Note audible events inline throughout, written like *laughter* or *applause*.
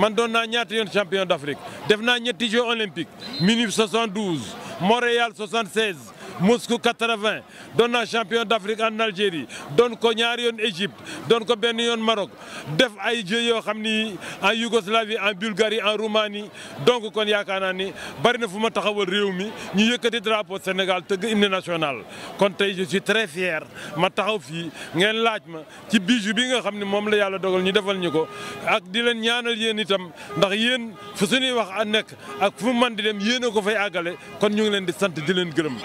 man doon naa ñaata yoon champion d'Afrique def naa ñetti Jeux olympiques 1972 Montréal 76 Moscou 80 doon naa champion d'Afrique en Algérie doon ko ñaari yoon Égypte doon ko benn yoon Maroc def ay jeux yoo xam ni en Yougoslavie en Bulgarie en Roumanie donc kon yaakaar naa ni bari na fu ma taxawal réew mi ñu yëkkati drapeau Sénégal tëgg hymne national kon tey je suis très fier ma taxaw fii ngeen laaj ma ci bijou bi nga xam ni moom la yàlla dogal ñu defal ñu ko ak di leen ñaanal yéen itam ndax yéen fu suñuy wax a nekk ak fu man di dem yéen ko fay àggale kon ñu ngi leen di sant di leen gërëm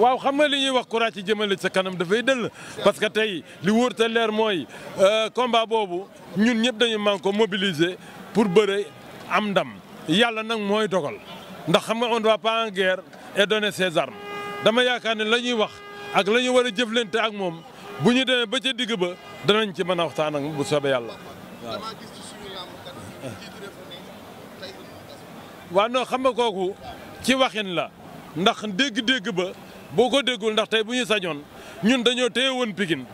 waaw xam nga li ñuy wax courage ci jëmale sa kanam dafay dëll parce que tey li wóor te leer mooy euh, combat boobu ñun ñëpp dañu man ko mobiliser pour bëre am ndam yàlla nag mooy dogal ndax xam nga on ne va pas en guerre et donner ses armes dama yaakaar ne la ñuy wax ak la ñu war a jëflante ak moom bu ñu demee ba ca digg ba danañ ci mën a waxtaan ak bu soobee yàlla waa non xam nga kooku ci waxin la ndax dégg-dégg ba boo ko déggul ndax tey bu ñu sajoon ñun dañoo téye woon Pikine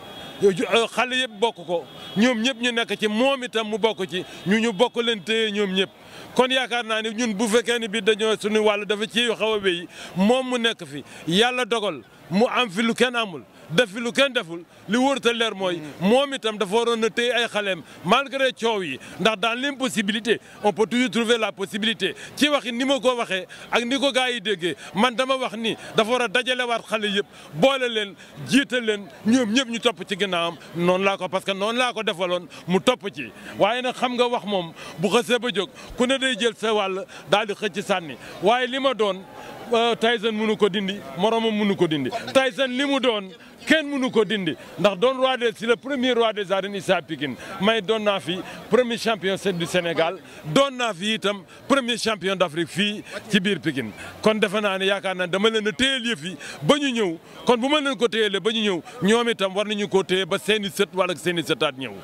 euh, xale yëpp bokk ko ñoom ñëpp ñu nekk ci moom itam mu bokk ci ñu ñu bokk leen téye ñoom ñëpp kon yaakaar naa ni ñun bu fekkee ni bi dañoo suñu wàll dafa ci xaw a wéy moom mu nekk fi yàlla dogal mu am fi lu kenn amul def fi lu kenn deful li wóor leer mooy moom itam dafa waroon na téye ay xaleem malgré coow yi ndax dans l'impossibilité on peut toujours trouver la possibilité ci waxi ni ma ko waxee ak ni ko gars yi déggee man dama wax ni dafa war a dajalewaat xale yëpp boole leen jiital leen ñoom ñëpp ñu topp ci ginnaawam noonu laa ko parce que noonu laa ko defaloon mu topp ci waaye nag xam nga wax moom bu xasee ba jóg ku ne day jël sa wàll daal di xëcc sànni waaye li ma doon Euh, Tyson mënu ko dindi moroomam munu ko dindi Tyson li mu doon kenn mënu ko dindi ndax doon roi des si le premier roi des arènes Issa Pikine may doon naa fi premier champion set du Sénégal doon naa fi itam premier champion d'Afrique fii ci biir Pikine kon defe naa ne yaakaar naa dama leen a téyel yëf yi ba ñu ñëw kon bu ma na ko téyelee ba ñu ñëw ñoom itam war nañu ko téye ba seeni set sët wala seen i sëtaat ñëw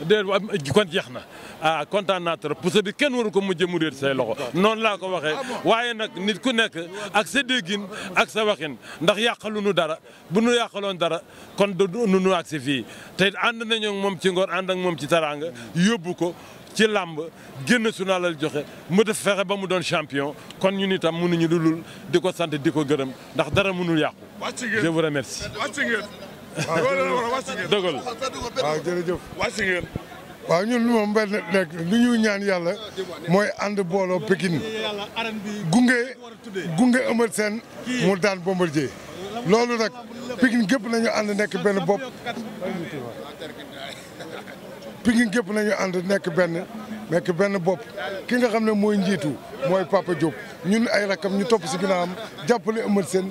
déet kon jeex na ah kontaan naa trop puso bi kenn waru ko mujjee mu réer say loxo noonu laa ko waxe ah waaye nag nit ku nekk ak sa déggin ak sa waxin ndax yàqalu nu dara bu nu yàqaloon dara kon du nu ak si fii te ànd nañoo moom ci ngoor ànd ak moom ci taraanga yóbbu ko ci làmb génn su joxe mu def fexe ba mu doon champion kon ñun itam mënuñu lu lul di ko sant di ko gërëm ndax dara mënul yàqu. je vous remercie. *laughs* dëgg la waaw ñun lu moom benn nekk lu ñuy ñaan yàlla mooy ànd booloo Pikine gunge gunge Eumeu Sène mu daan Bombardier loolu nag Pikine gépp nañu ànd nekk benn bopp Pikine gépp nañu ànd nekk benn nekk benn bopp ki nga xam ne mooy njiitu mooy Papa Diop ñun ay rakam ñu topp si ginnaawam jàppale Eumeu Sène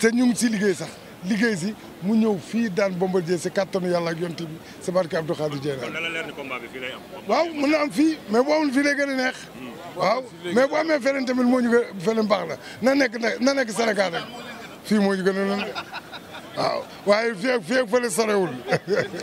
te ñu ngi si liggéey sax liggéey si mu ñëw fii daan Bombardier si kattanu yàlla yonti bi si barke Abdou Khadir Dieng. kon dana leer ni combat bi fii lay waaw mën na am fii mais boo amul fii lay gën a neex. Hmm. waaw mais boo amee feneen tamit moo ñu gën mbaax la na nekk na nekk Sénégal rek fii moo ñu gën a waaw waaye fii ak fii ak *laughs*